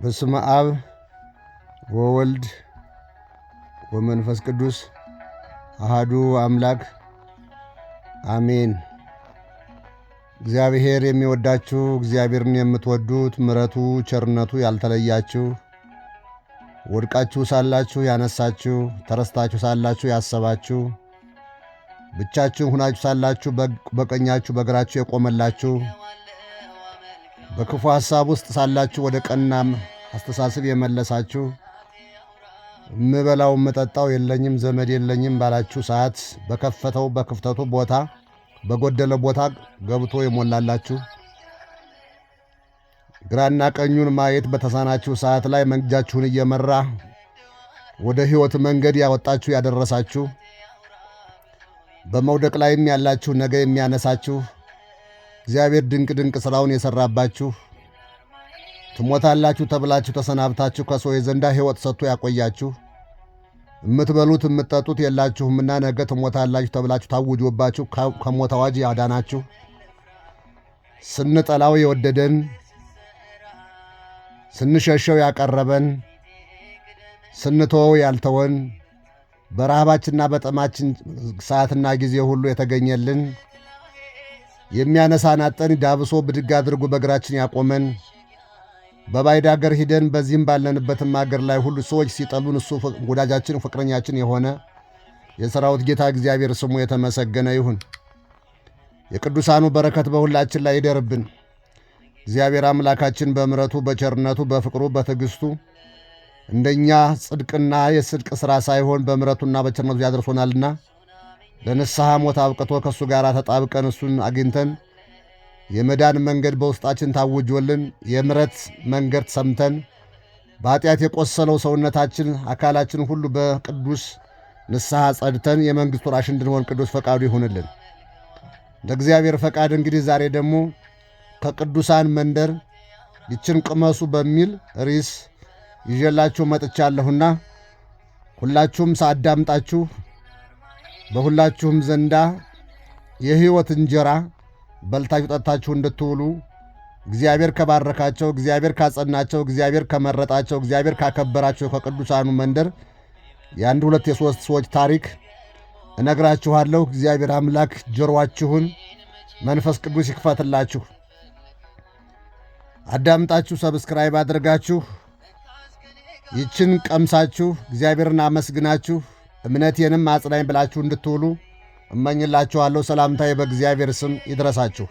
በስመ አብ ወወልድ ወመንፈስ ቅዱስ አሃዱ አምላክ አሜን። እግዚአብሔር የሚወዳችሁ እግዚአብሔርን የምትወዱት ምረቱ ቸርነቱ ያልተለያችሁ ወድቃችሁ ሳላችሁ ያነሳችሁ ተረስታችሁ ሳላችሁ ያሰባችሁ ብቻችሁን ሁናችሁ ሳላችሁ በቀኛችሁ በግራችሁ የቆመላችሁ በክፉ ሐሳብ ውስጥ ሳላችሁ ወደ ቀናም አስተሳሰብ የመለሳችሁ የምበላው ምጠጣው የለኝም ዘመድ የለኝም ባላችሁ ሰዓት በከፈተው በክፍተቱ ቦታ በጎደለ ቦታ ገብቶ የሞላላችሁ ግራና ቀኙን ማየት በተሳናችሁ ሰዓት ላይ መንጃችሁን እየመራ ወደ ሕይወት መንገድ ያወጣችሁ ያደረሳችሁ በመውደቅ ላይም ያላችሁ ነገ የሚያነሳችሁ እግዚአብሔር ድንቅ ድንቅ ሥራውን የሠራባችሁ ትሞታላችሁ ተብላችሁ ተሰናብታችሁ ከሰው የዘንዳ ሕይወት ሰጥቶ ያቆያችሁ የምትበሉት የምትጠጡት የላችሁምና ነገ ትሞታላችሁ ተብላችሁ ታውጆባችሁ ከሞት አዋጅ ያዳናችሁ ስንጠላው የወደደን ስንሸሸው ያቀረበን ስንተወው ያልተወን በረሃባችንና በጠማችን ሰዓትና ጊዜ ሁሉ የተገኘልን የሚያነሳን አጠን ዳብሶ ብድግ አድርጎ በእግራችን ያቆመን በባይድ አገር ሂደን በዚህም ባለንበትም አገር ላይ ሁሉ ሰዎች ሲጠሉን እሱ ወዳጃችን ፍቅረኛችን የሆነ የሰራዊት ጌታ እግዚአብሔር ስሙ የተመሰገነ ይሁን። የቅዱሳኑ በረከት በሁላችን ላይ ይደርብን። እግዚአብሔር አምላካችን በምረቱ በቸርነቱ በፍቅሩ በትዕግስቱ እንደኛ ጽድቅና የጽድቅ ሥራ ሳይሆን በምረቱና በቸርነቱ ያደርሶናልና ለንስሐ ሞት አብቅቶ ከእሱ ጋር ተጣብቀን እሱን አግኝተን የመዳን መንገድ በውስጣችን ታውጆልን የምረት መንገድ ሰምተን በኃጢአት የቆሰለው ሰውነታችን አካላችን ሁሉ በቅዱስ ንስሐ ጸድተን የመንግሥቱ ወራሽ እንድንሆን ቅዱስ ፈቃዱ ይሁንልን። እንደ እግዚአብሔር ፈቃድ እንግዲህ ዛሬ ደግሞ ከቅዱሳን መንደር ይችን ቅመሱ በሚል ርዕስ ይዤላችሁ መጥቻለሁና ሁላችሁም ሳዳምጣችሁ በሁላችሁም ዘንዳ የሕይወት እንጀራ በልታችሁ ጠጥታችሁ እንድትውሉ እግዚአብሔር ከባረካቸው፣ እግዚአብሔር ካጸናቸው፣ እግዚአብሔር ከመረጣቸው፣ እግዚአብሔር ካከበራቸው ከቅዱሳኑ መንደር የአንድ ሁለት የሦስት ሰዎች ታሪክ እነግራችኋለሁ። እግዚአብሔር አምላክ ጆሮአችሁን መንፈስ ቅዱስ ይክፈትላችሁ። አዳምጣችሁ ሰብስክራይብ አድርጋችሁ ይችን ቀምሳችሁ እግዚአብሔርን አመስግናችሁ እምነቴንም አጽናኝ ብላችሁ እንድትውሉ እመኝላችኋለሁ። ሰላምታዬ በእግዚአብሔር ስም ይድረሳችሁ።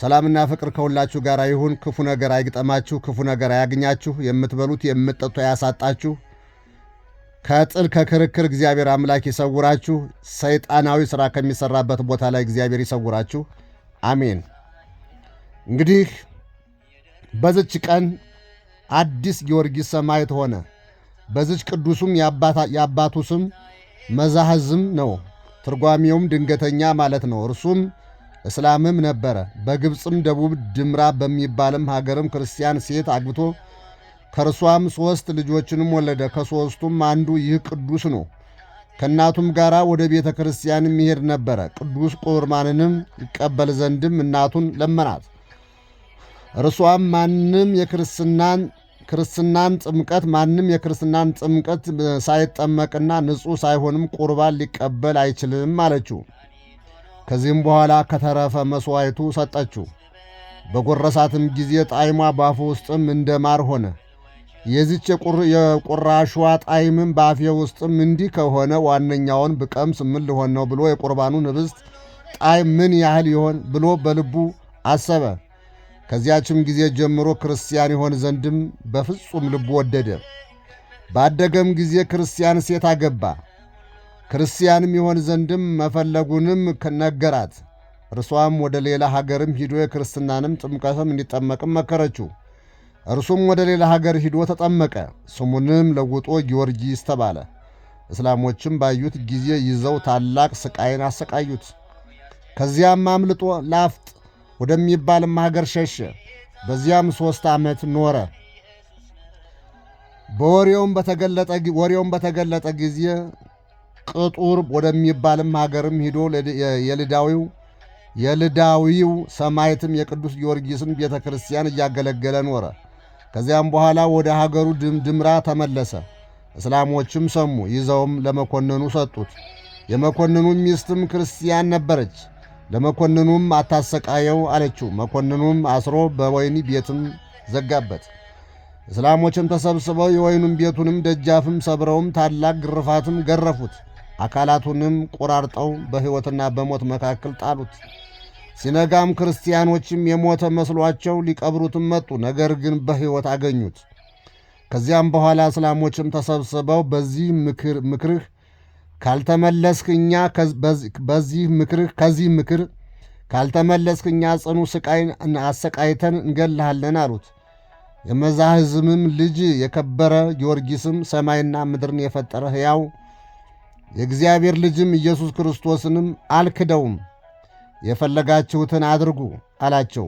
ሰላምና ፍቅር ከሁላችሁ ጋር ይሁን። ክፉ ነገር አይግጠማችሁ፣ ክፉ ነገር አያግኛችሁ፣ የምትበሉት የምትጠጡ አያሳጣችሁ፣ ከጥል ከክርክር እግዚአብሔር አምላክ ይሰውራችሁ፣ ሰይጣናዊ ሥራ ከሚሠራበት ቦታ ላይ እግዚአብሔር ይሰውራችሁ። አሜን። እንግዲህ በዝች ቀን አዲስ ጊዮርጊስ ሰማዕት ሆነ። በዚች ቅዱሱም የአባቱ ስም መዛህዝም ነው። ትርጓሚውም ድንገተኛ ማለት ነው። እርሱም እስላምም ነበረ። በግብፅም ደቡብ ድምራ በሚባልም ሀገርም ክርስቲያን ሴት አግብቶ ከእርሷም ሦስት ልጆችንም ወለደ። ከሦስቱም አንዱ ይህ ቅዱስ ነው። ከእናቱም ጋር ወደ ቤተ ክርስቲያን ይሄድ ነበረ። ቅዱስ ቁርማንንም ይቀበል ዘንድም እናቱን ለመናት። እርሷም ማንም የክርስትናን ክርስትናን ጥምቀት ማንም የክርስትናን ጥምቀት ሳይጠመቅና ንጹሕ ሳይሆንም ቁርባን ሊቀበል አይችልም አለችው። ከዚህም በኋላ ከተረፈ መሥዋዕቱ ሰጠችው። በጎረሳትም ጊዜ ጣዕሟ ባፉ ውስጥም እንደ ማር ሆነ። የዚች የቁራሽዋ ጣዕምም በአፌ ውስጥም እንዲህ ከሆነ ዋነኛውን ብቀምስ ምን ልሆን ነው ብሎ የቁርባኑ ንብስት ጣዕም ምን ያህል ይሆን ብሎ በልቡ አሰበ። ከዚያችም ጊዜ ጀምሮ ክርስቲያን ይሆን ዘንድም በፍጹም ልቡ ወደደ። ባደገም ጊዜ ክርስቲያን ሴት አገባ። ክርስቲያንም ይሆን ዘንድም መፈለጉንም ነገራት። እርሷም ወደ ሌላ ሀገርም ሂዶ የክርስትናንም ጥምቀትም እንዲጠመቅም መከረችው። እርሱም ወደ ሌላ ሀገር ሂዶ ተጠመቀ። ስሙንም ለውጦ ጊዮርጊስ ተባለ። እስላሞችም ባዩት ጊዜ ይዘው ታላቅ ስቃይን አሰቃዩት። ከዚያም አምልጦ ላፍጥ ወደሚባልም ሀገር ሸሸ። በዚያም ሦስት ዓመት ኖረ። ወሬውም በተገለጠ ጊዜ ቅጡር ወደሚባልም ሀገርም ሂዶ የልዳዊው የልዳዊው ሰማይትም የቅዱስ ጊዮርጊስን ቤተ ክርስቲያን እያገለገለ ኖረ። ከዚያም በኋላ ወደ ሀገሩ ድምራ ተመለሰ። እስላሞችም ሰሙ፣ ይዘውም ለመኮንኑ ሰጡት። የመኮንኑ ሚስትም ክርስቲያን ነበረች። ለመኮንኑም አታሰቃየው አለችው። መኮንኑም አስሮ በወይኒ ቤትም ዘጋበት። እስላሞችም ተሰብስበው የወህኑም ቤቱንም ደጃፍም ሰብረውም ታላቅ ግርፋትም ገረፉት። አካላቱንም ቆራርጠው በሕይወትና በሞት መካከል ጣሉት። ሲነጋም ክርስቲያኖችም የሞተ መስሏቸው ሊቀብሩትም መጡ። ነገር ግን በሕይወት አገኙት። ከዚያም በኋላ እስላሞችም ተሰብስበው በዚህ ምክርህ ካልተመለስክ እኛ በዚህ ምክር ከዚህ ምክር ካልተመለስክ እኛ ጽኑ ስቃይን አሰቃይተን እንገልሃለን አሉት። የመዛህዝምም ልጅ የከበረ ጊዮርጊስም ሰማይና ምድርን የፈጠረ ሕያው የእግዚአብሔር ልጅም ኢየሱስ ክርስቶስንም አልክደውም፣ የፈለጋችሁትን አድርጉ አላቸው።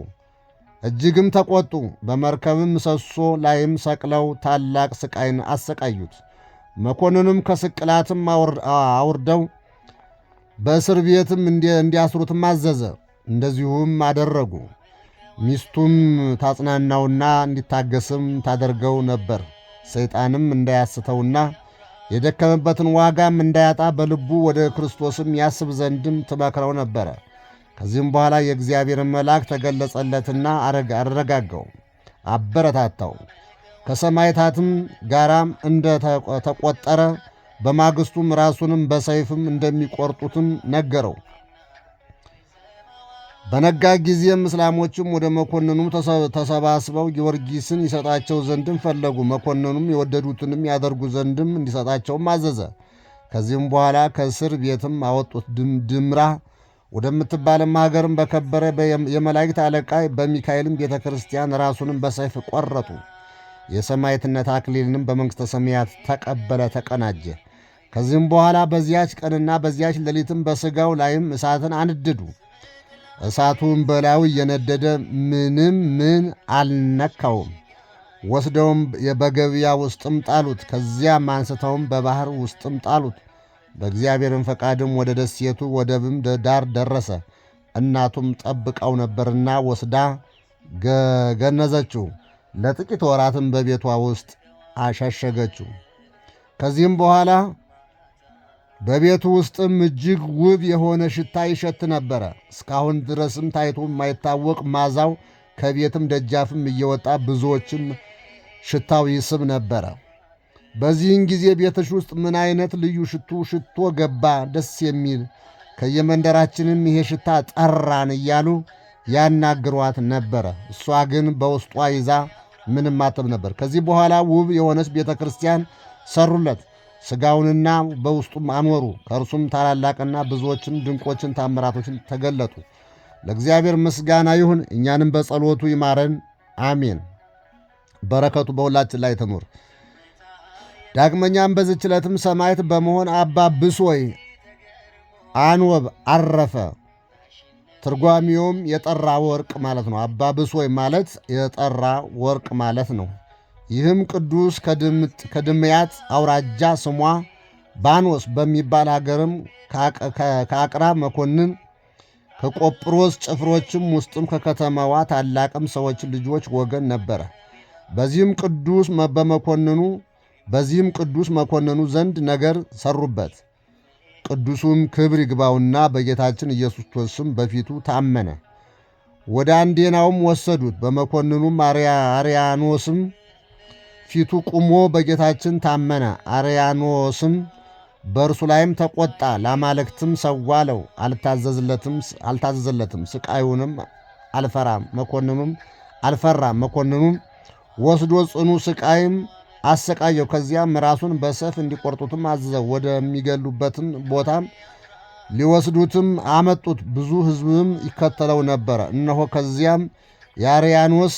እጅግም ተቈጡ። በመርከብም ምሰሶ ላይም ሰቅለው ታላቅ ስቃይን አሰቃዩት። መኮንኑም ከስቅላትም አውርደው በእስር ቤትም እንዲያስሩትም አዘዘ። እንደዚሁም አደረጉ። ሚስቱም ታጽናናውና እንዲታገስም ታደርገው ነበር። ሰይጣንም እንዳያስተውና የደከመበትን ዋጋም እንዳያጣ በልቡ ወደ ክርስቶስም ያስብ ዘንድም ትመክረው ነበረ። ከዚህም በኋላ የእግዚአብሔርን መልአክ ተገለጸለትና አረጋጋው፣ አበረታታው። ከሰማይታትም ጋራም እንደ ተቆጠረ በማግስቱም ራሱንም በሰይፍም እንደሚቆርጡትም ነገረው። በነጋ ጊዜም እስላሞችም ወደ መኮንኑ ተሰባስበው ጊዮርጊስን ይሰጣቸው ዘንድም ፈለጉ። መኮንኑም የወደዱትንም ያደርጉ ዘንድም እንዲሰጣቸውም አዘዘ። ከዚህም በኋላ ከእስር ቤትም አወጡት። ድምራ ወደምትባልም ሀገርም በከበረ የመላእክት አለቃ በሚካኤልም ቤተ ክርስቲያን ራሱንም በሰይፍ ቆረጡ። የሰማዕትነት አክሊልንም በመንግሥተ ሰማያት ተቀበለ፣ ተቀናጀ። ከዚህም በኋላ በዚያች ቀንና በዚያች ሌሊትም በሥጋው ላይም እሳትን አንድዱ። እሳቱም በላዩ እየነደደ ምንም ምን አልነካውም። ወስደውም በገበያ ውስጥም ጣሉት። ከዚያም አንስተውም በባሕር ውስጥም ጣሉት። በእግዚአብሔርም ፈቃድም ወደ ደሴቱ ወደብም ዳር ደረሰ። እናቱም ጠብቀው ነበርና ወስዳ ገነዘችው። ለጥቂት ወራትም በቤቷ ውስጥ አሻሸገችው። ከዚህም በኋላ በቤቱ ውስጥም እጅግ ውብ የሆነ ሽታ ይሸት ነበረ። እስካሁን ድረስም ታይቶ የማይታወቅ ማዛው ከቤትም ደጃፍም እየወጣ ብዙዎችም ሽታው ይስብ ነበረ። በዚህን ጊዜ ቤትሽ ውስጥ ምን አይነት ልዩ ሽቱ ሽቶ ገባ ደስ የሚል ከየመንደራችንም ይሄ ሽታ ጠራን እያሉ ያናግሯት ነበረ። እሷ ግን በውስጧ ይዛ ምንም ማተብ ነበር። ከዚህ በኋላ ውብ የሆነች ቤተ ክርስቲያን ሰሩለት፣ ሥጋውንና በውስጡም አኖሩ። ከእርሱም ታላላቅና ብዙዎችን ድንቆችን ታምራቶችን ተገለጡ። ለእግዚአብሔር ምስጋና ይሁን፣ እኛንም በጸሎቱ ይማረን፣ አሜን። በረከቱ በሁላችን ላይ ትኑር። ዳግመኛም በዚች ዕለትም ሰማዕት በመሆን አባ ብሶይ አንወብ አረፈ። ትርጓሚውም የጠራ ወርቅ ማለት ነው። አባ ብሶይ ማለት የጠራ ወርቅ ማለት ነው። ይህም ቅዱስ ከድምያት አውራጃ ስሟ ባኖስ በሚባል አገርም ከአቅራ መኮንን ከቆጵሮስ ጭፍሮችም ውስጥም ከከተማዋ ታላቅም ሰዎች ልጆች ወገን ነበረ። በዚህም ቅዱስ በመኮንኑ በዚህም ቅዱስ መኮንኑ ዘንድ ነገር ሰሩበት። ቅዱሱም ክብር ይግባውና በጌታችን ኢየሱስ ክርስቶስም በፊቱ ታመነ። ወደ አንዴናውም ወሰዱት። በመኮንኑም አርያኖስም ፊቱ ቁሞ በጌታችን ታመነ። አርያኖስም በእርሱ ላይም ተቆጣ። ላማለክትም ሰዋለው፣ አልታዘዘለትም። ስቃዩንም አልፈራም መኮንኑም አልፈራም መኮንኑም ወስዶ ጽኑ ስቃይም አሰቃየው። ከዚያም ራሱን በሰፍ እንዲቆርጡትም አዘዘው። ወደሚገሉበትም ቦታም ሊወስዱትም አመጡት። ብዙ ሕዝብም ይከተለው ነበረ። እነሆ ከዚያም የአርያኖስ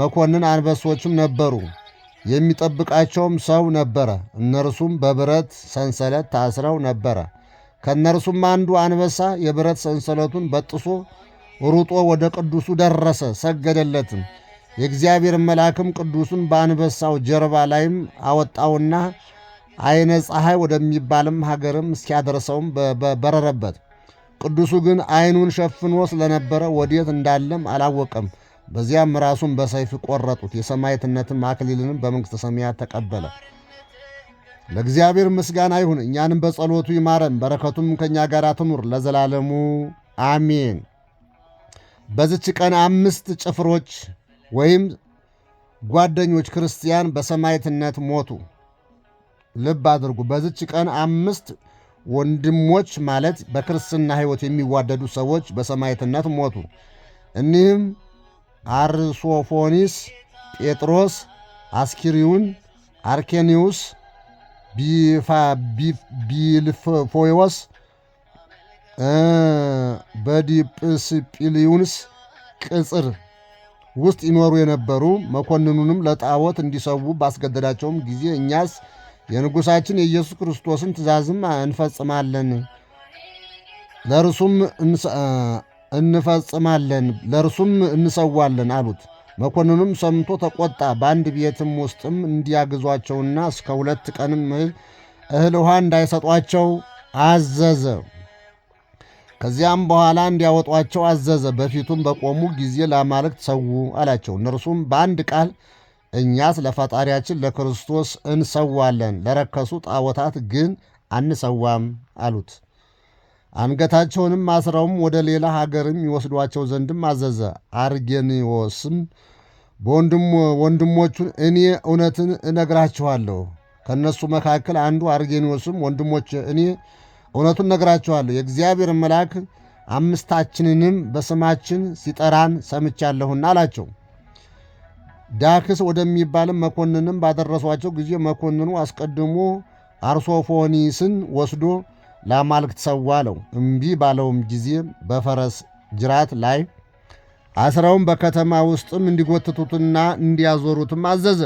መኮንን አንበሶችም ነበሩ፣ የሚጠብቃቸውም ሰው ነበረ። እነርሱም በብረት ሰንሰለት ታስረው ነበረ። ከእነርሱም አንዱ አንበሳ የብረት ሰንሰለቱን በጥሶ ሩጦ ወደ ቅዱሱ ደረሰ፣ ሰገደለትም። የእግዚአብሔር መልአክም ቅዱሱን በአንበሳው ጀርባ ላይም አወጣውና አይነ ፀሐይ ወደሚባልም ሀገርም እስኪያደርሰውም በረረበት። ቅዱሱ ግን አይኑን ሸፍኖ ስለነበረ ወዴት እንዳለም አላወቀም። በዚያም ራሱን በሰይፍ ቆረጡት። የሰማዕትነትም አክሊልንም በመንግሥተ ሰማያት ተቀበለ። ለእግዚአብሔር ምስጋና ይሁን፣ እኛንም በጸሎቱ ይማረን፣ በረከቱም ከእኛ ጋር ትኑር ለዘላለሙ አሜን። በዚች ቀን አምስት ጭፍሮች ወይም ጓደኞች ክርስቲያን በሰማዕትነት ሞቱ። ልብ አድርጉ። በዚች ቀን አምስት ወንድሞች ማለት በክርስትና ሕይወት የሚዋደዱ ሰዎች በሰማዕትነት ሞቱ። እኒህም አርሶፎኒስ፣ ጴጥሮስ፣ አስኪሪውን፣ አርኬኒውስ፣ ቢልፎዎስ፣ በዲጵስጲልዩንስ ቅጽር ውስጥ ይኖሩ የነበሩ መኮንኑንም ለጣዖት እንዲሰዉ ባስገደዳቸውም ጊዜ እኛስ የንጉሳችን የኢየሱስ ክርስቶስን ትእዛዝም እንፈጽማለን ለእርሱም እንፈጽማለን ለእርሱም እንሰዋለን አሉት። መኮንኑም ሰምቶ ተቆጣ። በአንድ ቤትም ውስጥም እንዲያግዟቸውና እስከ ሁለት ቀንም እህል ውሃ እንዳይሰጧቸው አዘዘ። ከዚያም በኋላ እንዲያወጧቸው አዘዘ። በፊቱም በቆሙ ጊዜ ለአማልክት ሰው አላቸው። እነርሱም በአንድ ቃል እኛስ ለፈጣሪያችን ለክርስቶስ እንሰዋለን፣ ለረከሱ ጣዖታት ግን አንሰዋም አሉት። አንገታቸውንም አስረውም ወደ ሌላ ሀገርም ይወስዷቸው ዘንድም አዘዘ። አርጌኒዎስም ወንድሞቹን እኔ እውነትን እነግራችኋለሁ ከእነሱ መካከል አንዱ አርጌኒዎስም ወንድሞች እኔ እውነቱን ነግራችኋለሁ፣ የእግዚአብሔር መልአክ አምስታችንንም በስማችን ሲጠራን ሰምቻለሁና አላቸው። ዳክስ ወደሚባልም መኮንንም ባደረሷቸው ጊዜ መኮንኑ አስቀድሞ አርሶፎኒስን ወስዶ ለአማልክት ሰዋ አለው። እምቢ ባለውም ጊዜ በፈረስ ጅራት ላይ አስረውም በከተማ ውስጥም እንዲጎትቱትና እንዲያዞሩትም አዘዘ።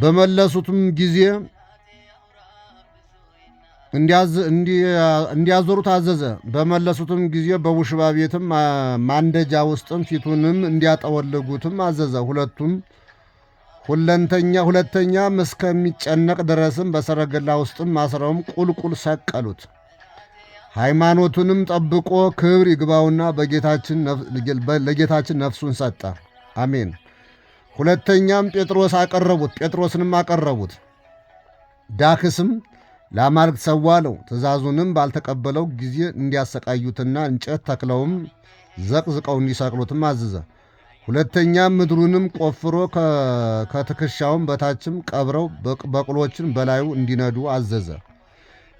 በመለሱትም ጊዜ እንዲያዞሩት አዘዘ። በመለሱትም ጊዜ በቡሽባ ቤትም ማንደጃ ውስጥም ፊቱንም እንዲያጠወልጉትም አዘዘ። ሁለቱም ሁለንተኛ ሁለተኛም እስከሚጨነቅ ድረስም በሰረገላ ውስጥም አስረውም ቁልቁል ሰቀሉት። ሃይማኖቱንም ጠብቆ ክብር ይግባውና ለጌታችን ነፍሱን ሰጠ። አሜን። ሁለተኛም ጴጥሮስ አቀረቡት ጴጥሮስንም አቀረቡት። ዳክስም ለአማልክት ሰዋ አለው። ትእዛዙንም ባልተቀበለው ጊዜ እንዲያሰቃዩትና እንጨት ተክለውም ዘቅዝቀው እንዲሰቅሉትም አዘዘ። ሁለተኛም ምድሩንም ቆፍሮ ከትከሻውም በታችም ቀብረው በቅሎችን በላዩ እንዲነዱ አዘዘ።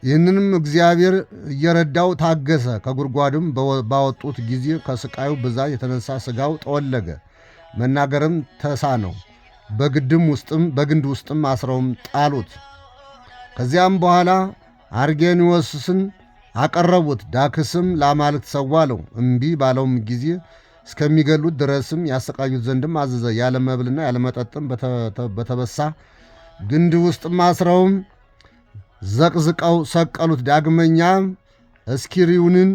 ይህንንም እግዚአብሔር እየረዳው ታገሰ። ከጉድጓድም ባወጡት ጊዜ ከስቃዩ ብዛት የተነሳ ስጋው ጠወለገ፣ መናገርም ተሳነው። በግድም ውስጥም በግንድ ውስጥም አስረውም ጣሉት። ከዚያም በኋላ አርጌኒዎስን አቀረቡት። ዳክስም ለአማልክት ሰዋ አለው። እምቢ ባለውም ጊዜ እስከሚገሉት ድረስም ያሰቃዩት ዘንድም አዘዘ። ያለ መብልና ያለ መጠጥም በተበሳ ግንድ ውስጥም አስረውም ዘቅዝቀው ሰቀሉት። ዳግመኛ እስኪሪውንን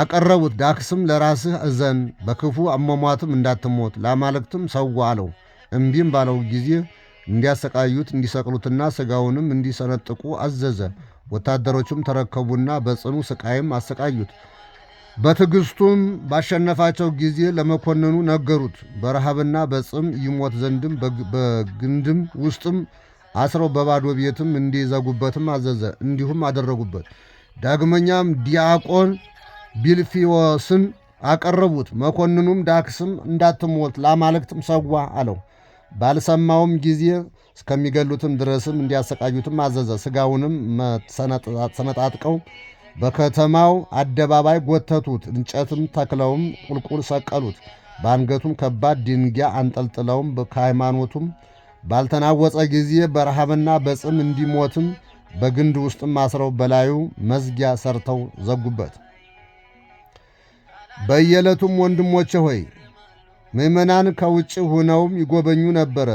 አቀረቡት። ዳክስም ለራስህ እዘን፣ በክፉ አሟሟትም እንዳትሞት ለአማልክትም ሰዋ አለው። እምቢም ባለው ጊዜ እንዲያሰቃዩት እንዲሰቅሉትና ሥጋውንም እንዲሰነጥቁ አዘዘ። ወታደሮቹም ተረከቡና በጽኑ ሥቃይም አሰቃዩት። በትዕግሥቱም ባሸነፋቸው ጊዜ ለመኮንኑ ነገሩት። በረሃብና በጽም ይሞት ዘንድም በግንድም ውስጥም አስረው በባዶ ቤትም እንዲዘጉበትም አዘዘ። እንዲሁም አደረጉበት። ዳግመኛም ዲያቆን ቢልፊዎስን አቀረቡት። መኮንኑም ዳክስም እንዳትሞት ለአማልክትም ሰዋ አለው። ባልሰማውም ጊዜ እስከሚገሉትም ድረስም እንዲያሰቃዩትም አዘዘ። ሥጋውንም ሰነጣጥቀው በከተማው አደባባይ ጎተቱት። እንጨትም ተክለውም ቁልቁል ሰቀሉት። በአንገቱም ከባድ ድንጋይ አንጠልጥለውም ከሃይማኖቱም ባልተናወፀ ጊዜ በረሃብና በጽም እንዲሞትም በግንድ ውስጥም አስረው በላዩ መዝጊያ ሰርተው ዘጉበት። በየዕለቱም ወንድሞቼ ሆይ ምእመናን ከውጭ ሁነውም ይጎበኙ ነበረ።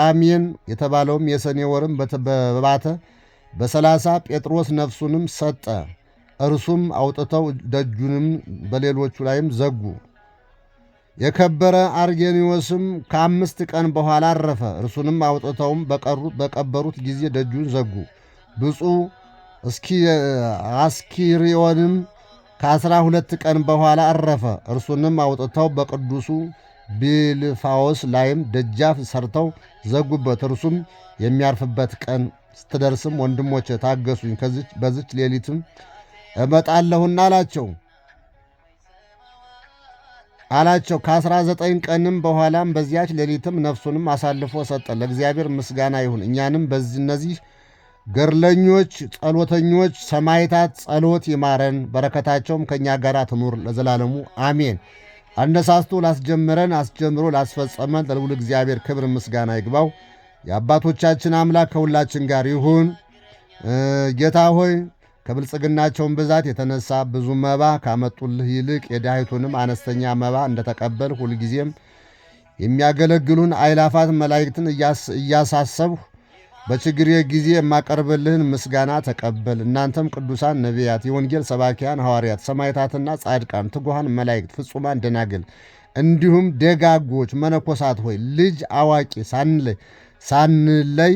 ጳሚን የተባለውም የሰኔ ወርም በባተ በሰላሳ ጴጥሮስ ነፍሱንም ሰጠ። እርሱም አውጥተው ደጁንም በሌሎቹ ላይም ዘጉ። የከበረ አርጌኒዎስም ከአምስት ቀን በኋላ አረፈ። እርሱንም አውጥተውም በቀበሩት ጊዜ ደጁን ዘጉ። ብፁዕ አስኪሪዮንም ከአስራ ሁለት ቀን በኋላ አረፈ። እርሱንም አውጥተው በቅዱሱ ቢልፋዎስ ላይም ደጃፍ ሰርተው ዘጉበት። እርሱም የሚያርፍበት ቀን ስትደርስም ወንድሞች ታገሱኝ፣ በዚች ሌሊትም እመጣለሁና አላቸው አላቸው። ከአስራ ዘጠኝ ቀንም በኋላም በዚያች ሌሊትም ነፍሱንም አሳልፎ ሰጠ። ለእግዚአብሔር ምስጋና ይሁን። እኛንም በእነዚህ ገርለኞች ጸሎተኞች፣ ሰማይታት ጸሎት ይማረን፣ በረከታቸውም ከእኛ ጋር ትኑር ለዘላለሙ አሜን። አነሳስቶ ላስጀመረን አስጀምሮ ላስፈጸመን ለልዑል እግዚአብሔር ክብር ምስጋና ይግባው። የአባቶቻችን አምላክ ከሁላችን ጋር ይሁን። ጌታ ሆይ ከብልጽግናቸውን ብዛት የተነሳ ብዙ መባ ካመጡልህ ይልቅ የድሃይቱንም አነስተኛ መባ እንደተቀበል ሁልጊዜም የሚያገለግሉን አይላፋት መላእክትን እያሳሰብሁ በችግሬ ጊዜ የማቀርብልህን ምስጋና ተቀበል። እናንተም ቅዱሳን ነቢያት፣ የወንጌል ሰባኪያን ሐዋርያት፣ ሰማይታትና ጻድቃን፣ ትጉሃን መላእክት፣ ፍጹማን ደናግል፣ እንዲሁም ደጋጎች መነኮሳት ሆይ ልጅ አዋቂ ሳንለይ ሳንለይ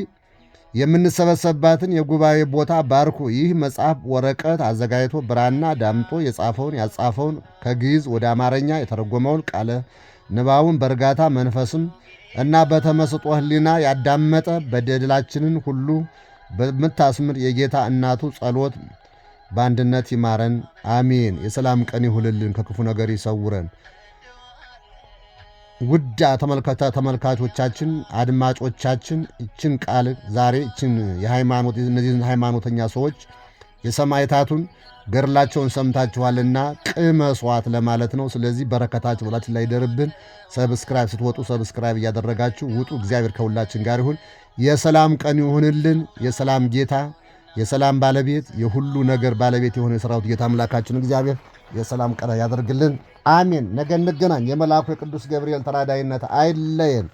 የምንሰበሰብባትን የጉባኤ ቦታ ባርኩ። ይህ መጽሐፍ ወረቀት አዘጋጅቶ ብራና ዳምጦ የጻፈውን ያጻፈውን ከግዕዝ ወደ አማርኛ የተረጎመውን ቃለ ንባቡን በእርጋታ መንፈስም እና በተመስጦ ህሊና ያዳመጠ በደላችንን ሁሉ በምታስምር የጌታ እናቱ ጸሎት በአንድነት ይማረን። አሜን። የሰላም ቀን ይሁልልን ከክፉ ነገር ይሰውረን። ውዳ ተመልከተ ተመልካቾቻችን አድማጮቻችን፣ ይችን ቃል ዛሬ ይችን የሃይማኖት እነዚህን ሃይማኖተኛ ሰዎች የሰማዕታቱን ገድላቸውን ሰምታችኋልና ቅመሷት ለማለት ነው። ስለዚህ በረከታችሁ ሁላችን ላይ ይደርብን። ሰብስክራይብ ስትወጡ ሰብስክራይብ እያደረጋችሁ ውጡ። እግዚአብሔር ከሁላችን ጋር ይሁን። የሰላም ቀን ይሁንልን። የሰላም ጌታ የሰላም ባለቤት የሁሉ ነገር ባለቤት የሆነ የሰራዊት ጌታ አምላካችን እግዚአብሔር የሰላም ቀን ያደርግልን። አሜን። ነገ እንገናኝ። የመልአኩ የቅዱስ ገብርኤል ተራዳይነት አይለየን።